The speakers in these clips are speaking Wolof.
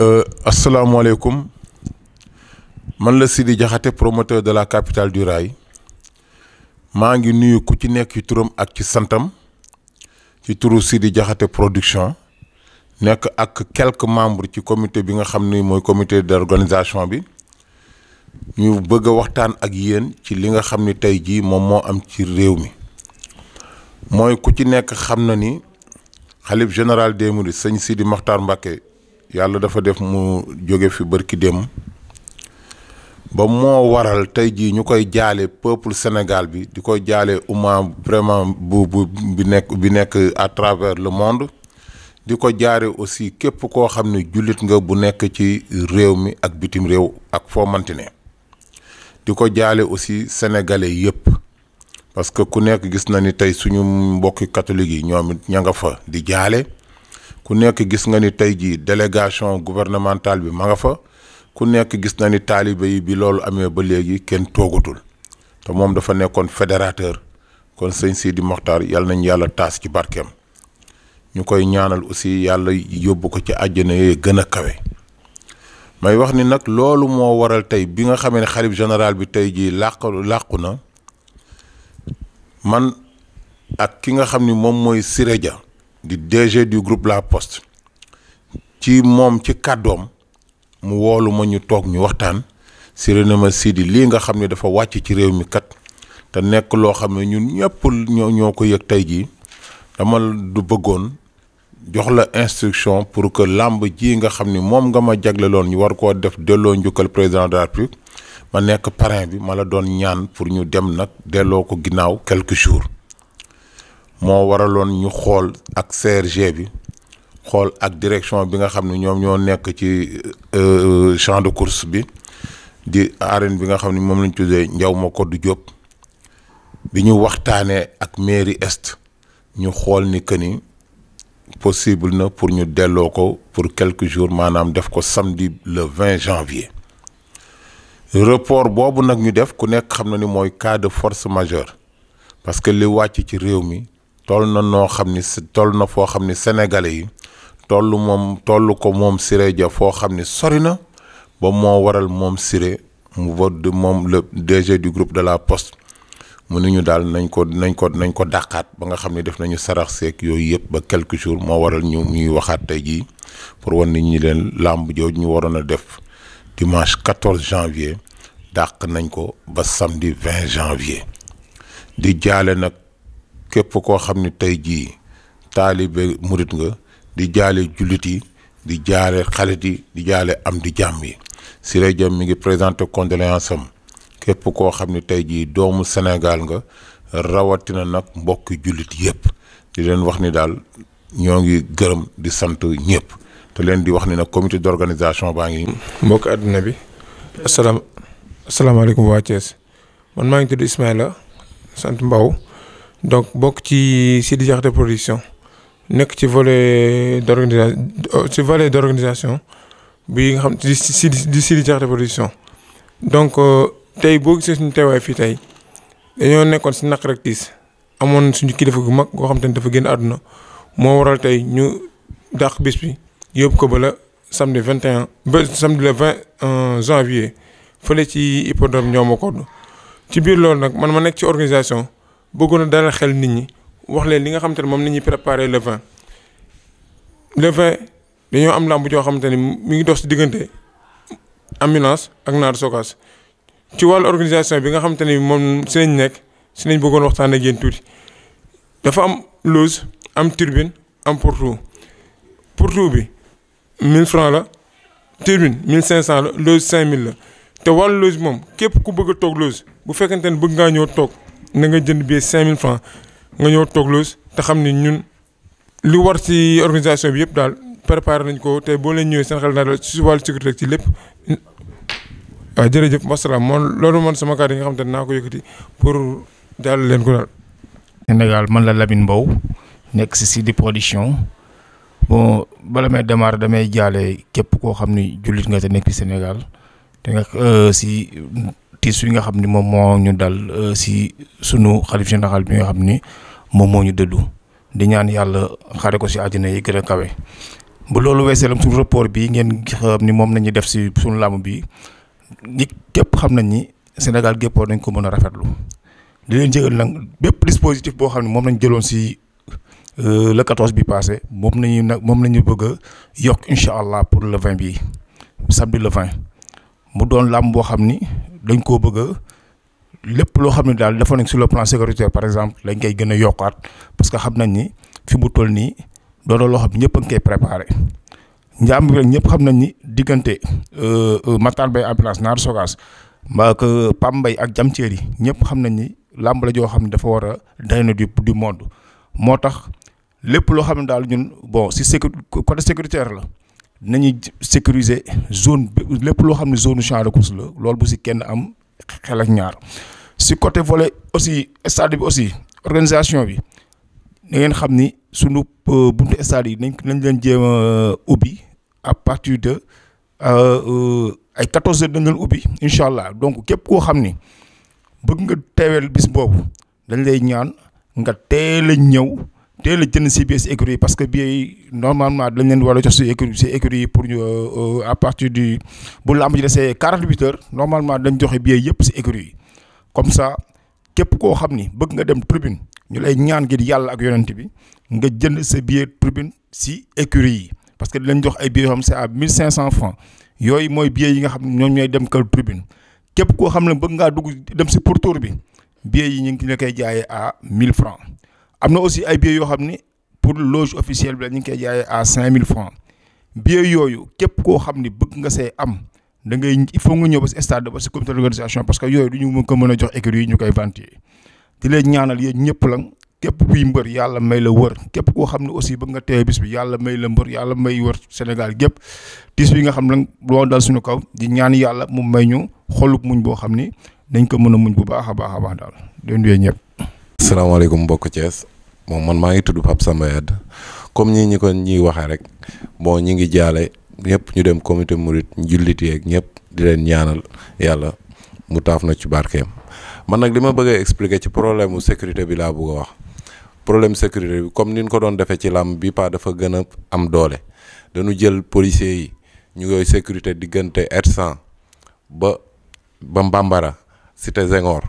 Euh, asalaamaaleykum man la di jaxate promoteur de la capitale du rail maa ngi nuyu ku ci nekk ci turam ak ci santam ci turu di jaxate production nekk ak quelque membres ci comité bi nga xam ni mooy comité d'organisation bi ñu bëgg a waxtaan ak yéen ci li nga xam ni tey jii moom moo am ci réew mi mooy ku ci nekk xam na ni xalif général des mourides sëñ Sidi Makhtar Mbacké yàlla dafa def mu jóge fi bërki dem ba moo waral tey jii ñu koy jaale peuple Sénégal bi di koy jaale umma vraiment bu bu bi nekk bi nekk à travers le monde di ko jaare aussi képp koo xam ne jullit nga bu nekk ci réew mi ak bitim réew ak foo manti ne di ko jaale aussi sénégalais yëpp parce que ku nekk gis na ni tey suñu mbokki catholique yi ñoom it ña nga fa di jaale ku nekk gis nga ni tey jii délégation gouvernementale bi ma nga fa ku nekk gis na ni taalibe yi bi loolu amee ba léegi kenn toogatul te moom dafa nekkoon fédérateur kon sëñ sii di Mokhtar yàlla nañ yàlla taas ci barkeem ñu koy ñaanal aussi yàlla yóbbu ko ci àjjana yooyu gën a kawe may wax ni nag loolu moo waral tey bi nga xamee ne xalif général bi tey jii làq làqu na man ak ki nga xam ni moom mooy Siré Dia di DG du groupe La Poste ci moom ci kàddoom mu woolu ma ñu toog ñu waxtaan si ne ma Sidi lii nga xam ne dafa wàcc ci réew mi kat te nekk loo xam ne ñun ñëpp ñoo ñoo ko yëg tey jii dama du bëggoon jox la instruction pour que lamb ji nga xam ni moom nga ma jagleloon ñu war koo def dëlloo njukkal président de la République ma nekk parrain bi ma la doon ñaan pour ñu dem nag delloo ko ginnaaw quelque jour moo waraloon ñu xool ak CRG bi xool ak direction bi nga xam ni ñoom ñoo nekk ci euh, euh, champ de course bi di arène bi nga xam ni moom lañ tuddee Ndiaw ma du Diop bi ñu waxtaanee ak mairie est ñu xool ni que ni possible na pour ñu delloo ko pour quelque jours maanaam def ko samedi le 20 janvier report boobu nag ñu def ku nekk xam na ni mooy cas de force majeure parce que li wàcc ci réew mi toll na noo xam ni toll na foo xam ni sénégalais yi toll moom toll ko moom Siré Dia foo xam ni sori na ba moo waral moom Siré mu vote moom le DG du groupe de la post mu ni ñu daal nañ ko nañ ko nañ ko dàqaat ba nga xam ne def nañu sarax seek yooyu yëpp ba quelques jours moo waral ñu ñuy waxaat tey jii pour wan nit ñi leen làmb jooju ñu waroon a def dimanche 14 janvier dàq nañ ko ba samedi 20 janvier di jaale nag képp koo xam ni tey jii taalibe murit nga di jaale jullit yi di jaale xarit yi di jaale am di jàmm yi Siré Dia mi ngi présenté condoléance képp koo xam ni tey jii doomu Sénégal nga rawatina nag mbokki jullit yëpp di leen wax ni daal ñoo ngi gërëm di sant ñëpp te leen di wax ni nag comité d'organisation baa ngi. mbokk àddina bi. asalaam asalaamaaleykum waa Thiès man maa ngi tudd Ismaïla sant Mbaw donc bokk ci Sidi Diakhaté production nekk ci volet d' euh, d' organisation bi nga xam di Sidi di Sidi Diakhaté production donc euh, tey boo gisee suñu teewaay fii tey dañoo nekkoon si naq rek tiis amoon suñu kilifa gu mag goo xam te ne dafa génn àdduna moo waral tey ñu dàq bis bi yóbbu ko ba la samedi 21 ba samedi le 20 euh, janvier fële ci hippodrome ñoo ma ko ci biir loolu nag man ma nekk ci organisation. bëggoon a dalal xel nit ñi wax leen li nga xamante ne moom la ñuy préparé le 20 le 20 dañoo am làmb joo xamante ni mi ngi dox si diggante ambulance ak naar sokaas ci wàllu organisation bi nga xamante ni moom si lañ nekk si lañ bëggoon waxtaan ak yéen tuuti dafa am loge am turbine am pourtour pourtour bi 1000 francs la turbine 1500 la cinq 5000 la te wàllu loge moom képp ku bëgg a toog loge bu fekkante ni bëgg ngaa ñëw toog. na nga jënd billet 5000 francs nga ñëw toog loos te xam ni ñun li war ci organisation bi yëpp daal préparé nañ ko te boo leen ñëwee seen xel daal ci wàllu sécurité ci lépp. waaw jërëjëf wasalaam moom man sama kàddu xam naa ko yëkkati pour jàll leen ko daal. man la Lamine Mbow nekk si Sidi Production bon bala may démarrer damay jaale képp koo xam ni jullit nga te nekk ci Sénégal te nga si euh, tiis yi nga xam ni moom moo ñu dal euh, si sunu xalif général bi nga xam ni moom moo ñu dëddu di ñaan yàlla xare ko si àjjana yi gën a kawe. bu loolu weesee lam suñu rapport bi ngeen xam euh, ni moom nañu def si suñu làmb bi ñi képp xam nañ ni Sénégal gépp nañ ko mën a rafetlu di leen jëgal nag bépp dispositif boo xam ne moom lañ jëloon si euh, le 14 bi passé moom nañu nag moom nañu bëgg a yokk incha allah pour le 20 bi samedi le 20 mu doon làmb boo xam ni dañ koo bëgg a lépp loo xam ne daal dafa nekk sur le plan sécuritaire par exemple dañ koy gën a yokkaat parce que xam nañ ni fi mu toll nii doona loo xam ñëpp a ngi koy préparé njaam bi ñëpp xam nañ ni diggante euh, euh, Matar Mbaye ambulance naar sogaas mbaa que euh, Pam Mbaye ak jam yi ñëpp xam nañ ni làmb joo xam ne dafa war a dayna du du monde moo tax lépp loo xam ne daal ñun bon si sécu côté sécuritaire la nañu sécuriser zone lépp loo xam ne zone champ de course la loolu bu si kenn am xel ak ñaar si côté volet aussi stade bi aussi organisation bi da ngeen xam ni sunu euh, buntu stade yi nañ nañ leen jéem a euh, ubbi à partir de euh, ay 14 heures dañ leen ubbi incha allah donc képp koo xam ni bëgg nga teeweel bis boobu dañ lay ñaan nga teel a ñëw. teel a jënd si biir si écurie yi parce que biir yi normalement dañ leen war a jox si écurie pour euh, euh, à partir du bu làmb ji desee 48 heures normalement dañ joxe biir yëpp si écurie yi comme ça képp koo xam ni bëgg nga dem tribune ñu lay ñaan ngir yàlla ak yonent bi nga jënd sa biir tribune si écurie yi parce que dañ jox ay billets yoo xam c'est à 1500 francs yooyu mooy billets yi nga xam ñoom ñooy dem kër tribune képp koo xam ne bëgg ngaa dugg dem si pour tour bi billets yi ñu ngi la koy jaayee à 1000 francs am na aussi ay billets yoo xam ni pour loge officielle bi la ngi koy jaayee à cinq mille francs billets yooyu képp koo xam ni bëgg nga see am da ngay il faut nga ñëw ba si stade ba si comité d'organisation parce que yooyu du ñu ko mën a jox écurie yi ñu koy vanter di leen ñaanal yéen ñëpp la képp kuy mbër yàlla may la wër képp koo xam ne aussi bëgg nga teewe bis bi yàlla may la mbër yàlla may wër Sénégal gépp tiis bi nga xam ne loo dal suñu kaw di ñaan yàlla mu may ñu xolub muñ boo xam ni dañ ko mën a muñ bu baax a baax a baax daal di nuyu mbokk Thiès. moom man maa ngi tudd Pape sama Yade comme ñii ñi ko ñuy waxee rek bon ñi ngi jaale ñëpp ñu dem comité murit jullit yeeg ñëpp di leen ñaanal yàlla mu taaf na ci barkeem man nag li ma bëggee expliqué ci problème mu sécurité bi laa bëgg wax problème sécurité bi comme ni ñu ko doon defee ci làmb bi pas dafa gën a am doole dañu jël policiers yi ñu koy sécurité diggante Hersent ba ba Mbambara cité Senghor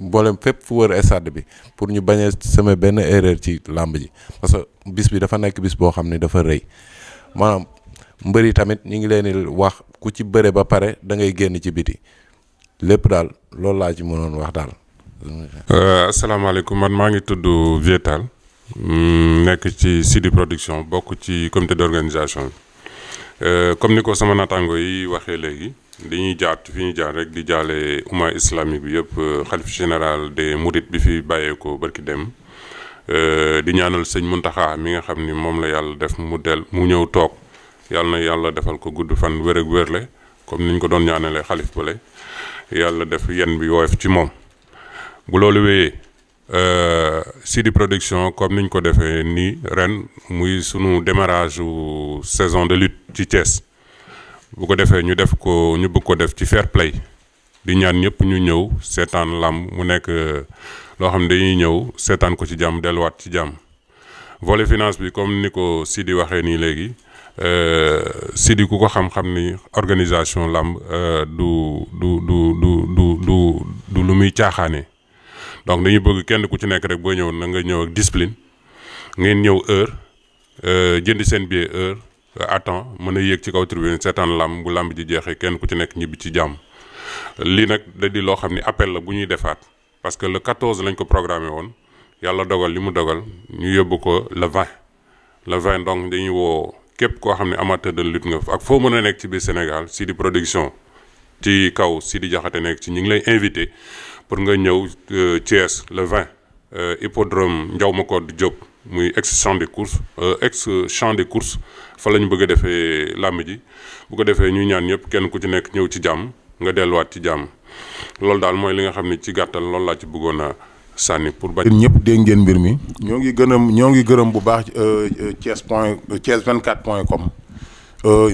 mboolem fépp fu wër stade bi pour ñu bañ a semer benn erreur ci làmb ji parce que bis bi dafa nekk bis boo xam ni dafa rëy maanaam mbër yi tamit ñu ngi leen di wax ku ci bëre ba pare da ngay génn ci biti lépp daal loolu laa ci mënoon wax daal. Euh, asalaamaaleykum man maa ngi tudd Vieux mm, nekk ci Sidi Production bokk ci comité d'organisation bi euh, comme ni ko sama naataango yi waxee léegi. di dañuy jaar fi ñu jaar rek di jaale umma islamique bi yëpp euh, xalif général de mourides bi fi bàyyeekoo barki dem euh, di ñaanal sëñ Muntaxa mi nga xam ni moom la yàlla def mu del mu ñëw toog yàlla na yàlla defal ko gudd fan wër ak wérle comme niñ ko doon ñaanalee xalif bale yàlla def yenn bi woyof ci moom bu loolu wéyee euh, di Production comme niñ ko defee nii ren muy sunu démarrage saison de lutte ci Thiès. bu ko defee ñu def ko ñu bëgg ko def ci fair play di ñaan ñëpp ñu ñëw seetaan làmb mu nekk euh, loo xam ne dañuy ñëw seetaan ko ci jàmm delluwaat ci jàmm volet finance bi comme ni ko di waxee nii léegi euh, Sidi ku ko xam-xam ni organisation làmb euh, du du du du du du du lu muy caaxaanee donc dañuy bëgg kenn ku ci nekk rek booy ñëw na nga ñëw ak discipline ngeen ñëw heure jënd seen billet heure à temps mën a yéeg ci kaw tribune seetaan làmb bu làmb ji jeexee kenn ku ci nekk ñibbi ci jàmm lii nag da di loo xam ni appel la bu ñuy defaat parce que le 14 lañ ko programme woon yàlla dogal li mu dogal ñu yóbbu ko le 20 le 20 donc dañuy woo képp koo xam ne amateur de lutte nga ak foo mën a nekk ci biir Sénégal di Production ci kaw Sidi Diakhaté nekk ci ñu ngi lay invité pour nga ñëw euh, Thiès le 20 euh, hippodrome Ndiaw Macodou Diop. muy ex champ de course euh, ex champ de course fa la ñu bëgg a defee làmb ji bu ko defee ñuy ñaan ñëpp kenn ku ci nekk ñëw ci jàmm nga delluwaat ci jàmm loolu daal mooy li nga xam ne ci gàttal loolu laa ci bëggoon a sànni pour bañ. ñëpp dégg ngeen mbir mi. ñoo ngi gërëm ñoo ngi gërëm bu baax euh, euh, Thiès point Thiès 24 point com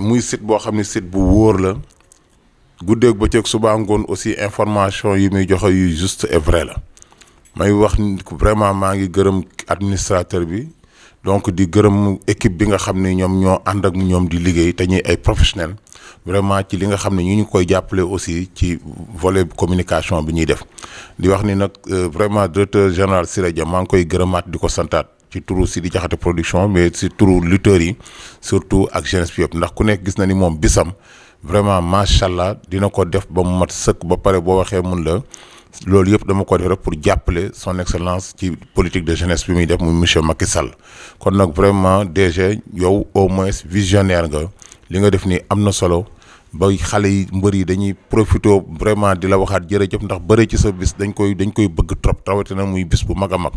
muy site boo xam ne site bu wóor la guddeeg bëccëg subaa ngoon aussi information yi muy joxe yu juste et la. may wax vraiment maa ngi gërëm administrateur bi donc di gërëm équipe bi nga xam ne ñoom ñoo ànd ak ñoom di liggéey te ñuy ay professionnel vraiment ci li nga xam ne ñu ñu koy jàppale aussi ci volet communication bi ñuy def di wax ni nag euh, vraiment directeur général Siré Dia maa ngi koy gërëmaat di ko santaat ci turu si di jaxate production mais si turu lutteurs yi surtout ak jeunesse bi yëpp ndax ku nekk gis na ni moom bisam vraiment macha allah dina ko def ba mu mat sëkk ba pare boo waxee mun la. loolu yëpp dama ko def rek pour jàppale son excellence ci politique de jeunesse bi muy def muy monsieur Macky Sall kon nag vraiment DG yow au moins visionnaire nga li nga def nii am na solo ba xale yi mbër yi dañuy profité vraiment di la waxaat jërëjëf ndax bëri ci sa bis dañ koy dañ koy bëgg trop na muy bis bu mag a mag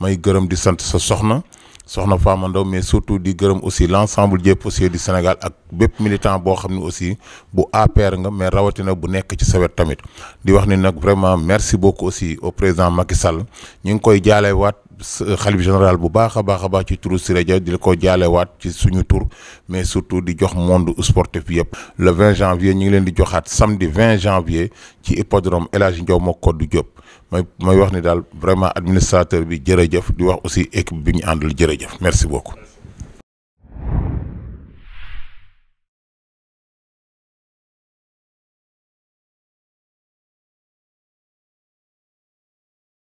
may gërëm di sant sa soxna soxna Fama Ndaw mais surtout di gërëm aussi l' ensemble des policiers du Sénégal ak bépp militant boo xam ne aussi bu APR nga mais rawatina bu nekk ci sawet tamit di wax ni nag vraiment merci beaucoup aussi au président Macky Sall ñu ngi koy jaale waat euh, xalif général bu baax a baax a baax ci turu Siré Dia di la ko jaale ci suñu tur mais surtout di jox monde sportif yëpp le 20 janvier ñu ngi leen di joxaat samedi 20 janvier ci hippodrome El Hadji Ndiaw moo Koddu Diop may may wax ni daal vraiment administrateur bi jërëjëf di wax aussi équipe bi ñu àndal jërëjëf merci beaucoup